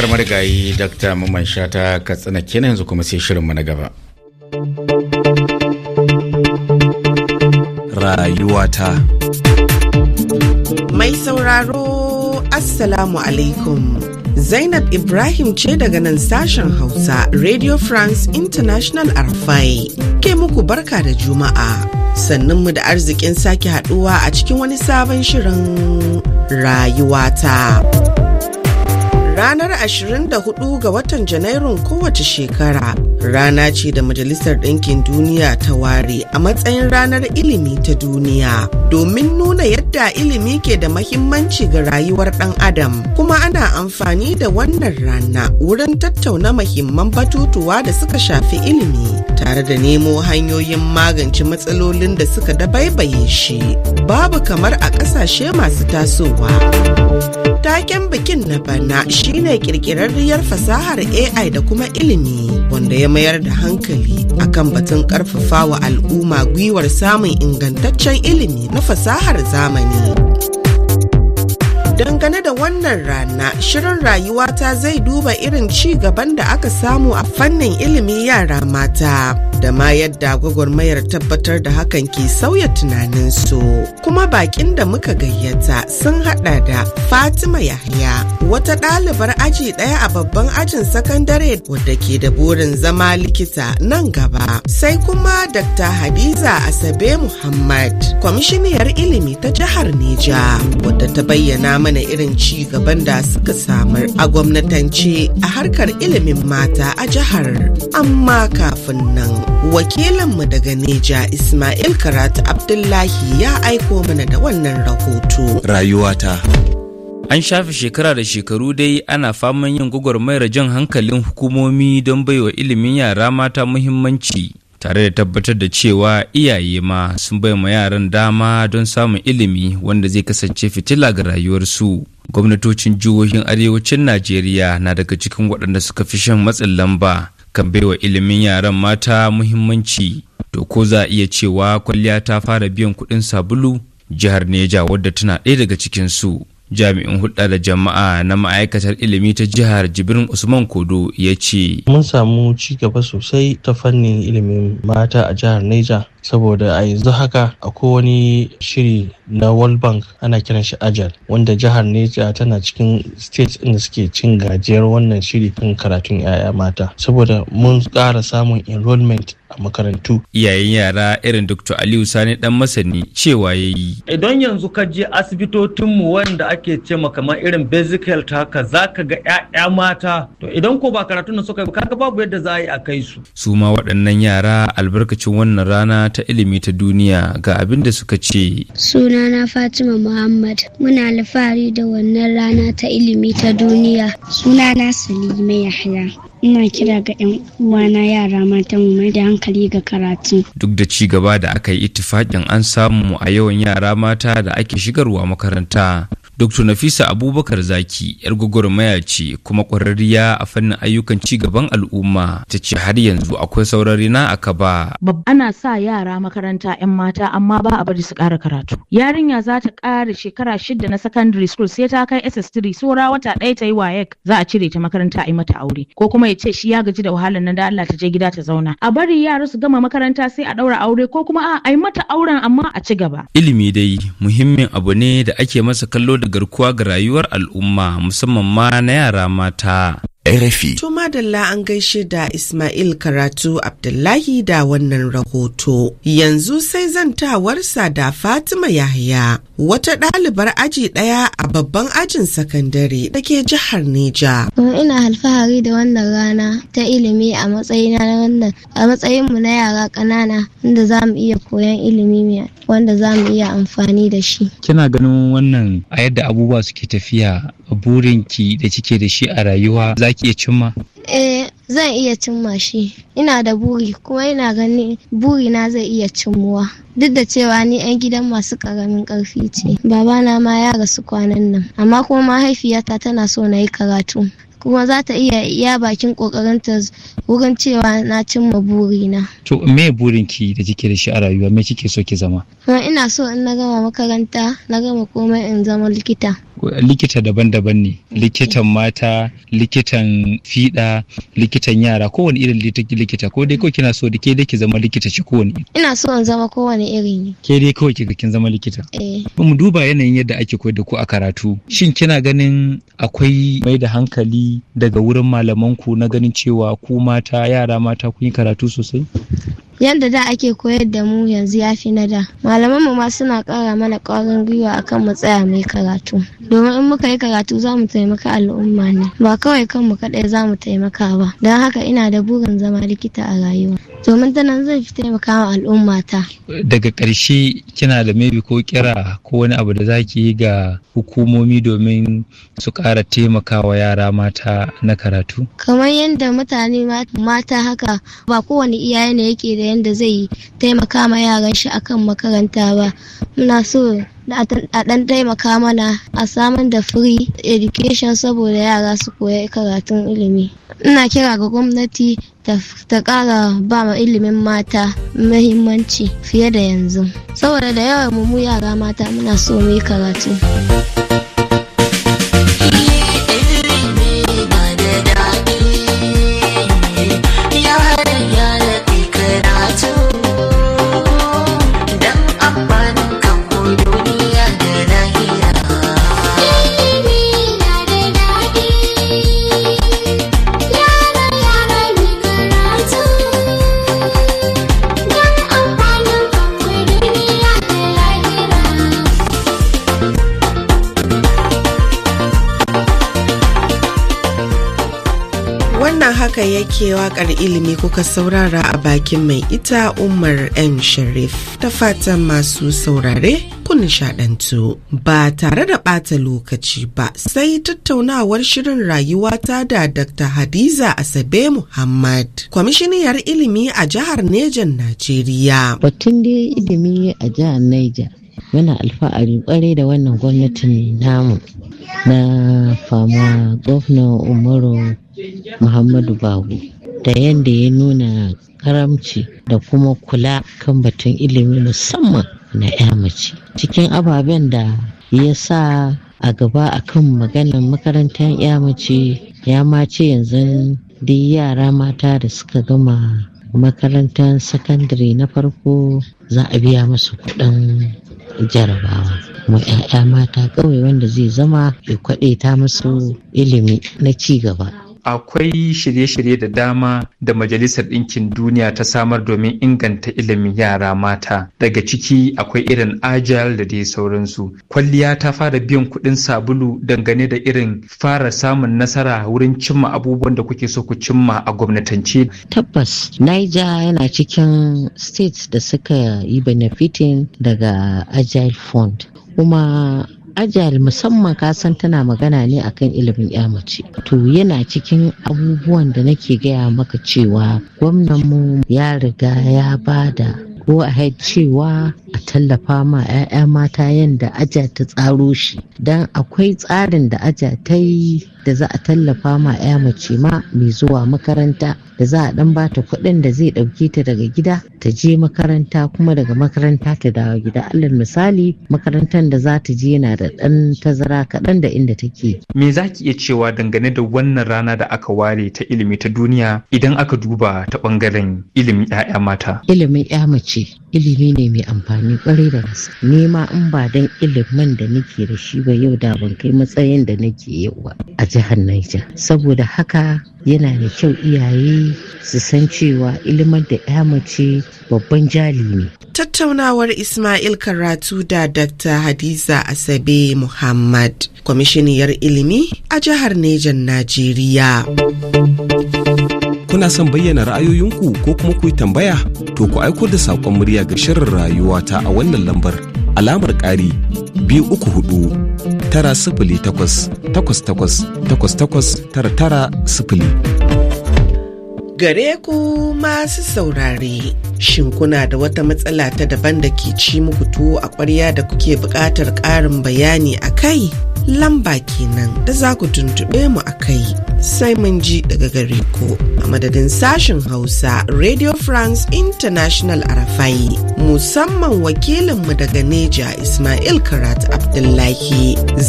waƙar marigayi Dr. Maman Shata Katsina kenan yanzu kuma sai shirinmu na gaba. Rayuwata Mai sauraro Assalamu alaikum. Zainab Ibrahim ce daga nan sashen Hausa Radio France International Arfai ke muku barka da Juma'a. Sannunmu da arzikin sake haduwa a cikin wani sabon shirin rayuwata. Ranar 24 ga watan Janairun kowace shekara rana ce da Majalisar Ɗinkin Duniya ta ware a matsayin ranar ilimi ta duniya domin nuna yadda ilimi ke da mahimmanci ga rayuwar ɗan adam kuma ana amfani da wannan rana wurin tattauna mahimman batutuwa da suka shafi ilimi tare da nemo hanyoyin magance matsalolin da suka dabaibaye shi babu kamar a ƙasashe masu tasowa. Taken bikin na bana shine kirkirarriyar fasahar AI da kuma ilimi wanda ya mayar da hankali akan batun wa al'umma gwiwar samun ingantaccen ilimi na fasahar zamani. Dangane da wannan rana, shirin rayuwata zai duba irin ci gaban da aka samu a fannin ilimi yara mata, da ma yadda gwagwarmayar tabbatar da hakan ke sauya tunanin su, Kuma bakin da muka gayyata sun hada da Fatima Yahya, wata ɗalibar aji ɗaya a babban ajin sakandare wadda ke da burin zama likita nan gaba. Sai kuma Dr. Hadiza Asabe Muhammad, kwamishiniyar ilimi ta jihar nija wadda ta bayyana mana irin ci gaban da suka samar a gwamnatance a harkar ilimin mata a jihar. Amma kafin nan, wakilanmu daga Neja Ismail Karatu Abdullahi ya aiko mana da wannan rahoto. Rayuwata. An shafe shekara da shekaru dai ana faman yin gwagwarmayar jan hankalin hukumomi don baiwa ilimin yara mata muhimmanci. tare da tabbatar da cewa iyaye ma sun bai ma yaran dama don samun ilimi wanda zai kasance fitila ga rayuwarsu gwamnatocin jihohin arewacin najeriya na daga cikin waɗanda suka fi shan matsin lamba kan baiwa ilimin yaran mata muhimmanci to ko za a iya cewa kwalliya ta fara biyan kuɗin sabulu jihar neja wadda tana ɗaya daga cikinsu jami'in hulɗa da jama'a na ma'aikatar ilimi ta jihar jibrin usman kodo ya ce mun samu ci gaba sosai ta fannin ilimin mata a jihar Niger. saboda a yanzu haka akwai wani shiri na world bank ana kiran shi ajal wanda jihar neja tana cikin states inda suke cin gajiyar wannan shiri kan karatun 'ya'ya mata saboda mun kara samun enrollment a makarantu iyayen yara irin dr aliyu sani dan masani cewa ya yi idan yanzu ka je asibitotinmu wanda ake ce kamar irin basic health haka za ka ga 'ya'ya mata to idan ko ba karatun na suka yi kaga babu yadda za a yi a kai su su ma waɗannan yara albarkacin wannan rana ta ilimi ta duniya ga abin da suka ce. Suna na Fatima Muhammad muna alfahari da wannan rana ta ilimi ta duniya. Suna na Salima Yahya. Ina kira ga 'yan uwana yara mata mu mai da hankali ga karatu. Duk da ci gaba da aka yi ittifaƙin an samu a yawan yara mata da ake shigarwa makaranta. Dr. Nafisa Abubakar Zaki yar gwagwarmaya ce kuma ƙwararriya a fannin ayyukan ci gaban al'umma ta ce har yanzu akwai saurari na a ba. Ana sa yara makaranta 'yan mata amma ba a bari su ƙara karatu. Yarinya za ta ƙara shekara shida na secondary school sai ta kai SS3 saura wata ɗaya ta yi wayek za a cire ta makaranta a yi mata aure ko kuma ya ce shi ya gaji da wahalar na da Allah ta je gida ta zauna. A bari yara su gama makaranta sai a ɗaura aure ko kuma a yi mata auren amma a ci gaba. Ilimi dai muhimmin abu ne da ake masa kallo da garkuwa ga rayuwar al'umma musamman ma na yara mata RFI. To madalla an gaishe da Ismail Karatu Abdullahi da wannan rahoto. Yanzu sai zan zantawarsa da Fatima Yahya, wata ɗalibar aji ɗaya a babban ajin sakandare da ke jihar Neja. Ina alfahari da wannan rana ta ilimi a matsayin wannan a matsayinmu na yara ƙanana inda za mu iya koyan ilimi wanda za mu iya amfani da shi. Kina ganin wannan a yadda abubuwa suke tafiya burinki da cike da shi a rayuwa za ki iya cimma? Eh, zan iya cimma shi. Ina da buri kuma ina gani buri na zai iya cimmuwa. Duk da cewa ni 'yan gidan masu karamin karfi ce. Babana ma ya rasu kwanan nan. Amma kuma mahaifiyata tana so na yi karatu. kuma za ta iya iya bakin kokarinta wurin cewa na cimma burina. To me burinki da kike da shi a rayuwa me kike so ki zama? Ina so in na gama makaranta na gama komai in zama likita. likita daban-daban ne likitan mata likitan fiɗa likitan yara kowane irin likita ko dai kawai kina so da ke dai ki zama likita ci kowane ina so in zama kowane irin ne ke dai kawai kika kin zama likita eh mu duba yanayin yadda ake koyar da ku a karatu shin kina ganin akwai mai da hankali daga wurin malaman ku na ganin cewa ku mata yara mata kun yi karatu sosai yadda da ake koyar da mu yanzu ya fi na da malaman mu ma suna kara mana ƙwarin gwiwa akan mu tsaya mai karatu domin in muka yi karatu za mu taimaka al'umma ne ba kawai kanmu kaɗai za mu taimaka ba don haka ina da burin zama likita a rayuwa domin ta nan zai fi taimaka wa al'umma ta. Daga ƙarshe kina da maybe ko kira ko wani abu da zaki yi ga hukumomi domin su ƙara taimakawa yara mata na karatu? Kamar yadda mutane mata haka ba kowane iyaye ne yake da yadda zai taimaka ma yaran shi akan makaranta ba. Muna so a ɗan taimaka mana a samun da free education saboda yara su koya karatun ilimi ina kira ga gwamnati ta ƙara ba ma ilimin mata mahimmanci fiye da yanzu saboda da yawan mu yara mata muna so mu yi karatu haka yake wakar ilimi kuka saurara a bakin mai ita Umar M. Sharif ta fata masu saurare kun nishaɗantu ba tare da ɓata lokaci ba sai tattaunawar shirin rayuwa ta da Dr. Hadiza Asabe Muhammad, kwamishiniyar ilimi a jihar Nejan Najeriya. Batun dai ilimi a jihar Neja muna alfa'ari kwarai da wannan gwamnatin namu na fama gwamnan Umaru muhammadu babu da yadda ya nuna karamci da kuma kula kan batun ilimi musamman na 'ya mace cikin ababen da ya sa a gaba a kan maganin makarantar 'ya mace ya ma yanzu duk yara mata da suka gama makarantar sakandare na farko za a biya musu kuɗin jarabawa kuma 'ya'ya mata kawai wanda zai zama ya kwaɗe ta musu ilimi na ci gaba akwai shirye-shirye da dama da Majalisar Ɗinkin Duniya ta samar domin inganta ilimin yara mata. Daga ciki akwai irin Agile da dai sauransu. Kwalliya ta fara biyan kuɗin sabulu dangane da irin fara samun nasara wurin cimma abubuwan da kuke so ku cimma a gwamnatance. Tabbas, Niger yana cikin states da suka yi benefiting daga Agile Fund. Kuma Ajal musamman kasan tana magana ne akan ilimin ya mace. To yana cikin abubuwan da nake gaya maka cewa Gwamnan mu ya riga ya bada ko a cewa a tallafa ma 'ya'ya mata yadda aja ta tsaro shi don akwai tsarin da aja ta yi da za a tallafa ma 'ya mace ma mai zuwa makaranta da za a dan bata kuɗin da zai ɗauke ta daga gida ta je makaranta kuma daga makaranta ta dawo gida alal misali makarantar da za ta je yana da ɗan tazara kaɗan da inda take. me za ki iya cewa dangane da wannan rana da aka ware ta ilimi ta duniya idan aka duba ta ɓangaren ilimin 'ya'ya mata. ilimin 'ya mace ilimi ne mai amfani kwarai da gaske nema in ba dan ilimin da nake da shi ba yau da ban kai matsayin da nake yau ba a jihar Niger saboda haka yana da kyau iyaye su san cewa ilimin da ya mace babban jali ne tattaunawar Ismail Karatu da Dr. Hadiza Asabe Muhammad kwamishiniyar ilimi a jihar Niger Najeriya kuna son bayyana ra'ayoyinku ko kuma ku yi tambaya to ku aiko da saƙon murya ga shirin rayuwa ta a wannan lambar alamar ƙari biyu uku hudu tara sifili takwas takwas takwas takwas takwas tara tara sifili. Gare ku masu saurare, shin kuna da wata matsala ta daban da ke ci muku tuwo a ƙwarya da kuke buƙatar ƙarin bayani a kai? lamba kenan da za ku tuntube mu a kai sai mun ji daga gare ku a madadin sashen hausa radio france international arafai musamman wakilinmu daga neja ismail karat abdullahi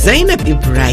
zainab ibrahim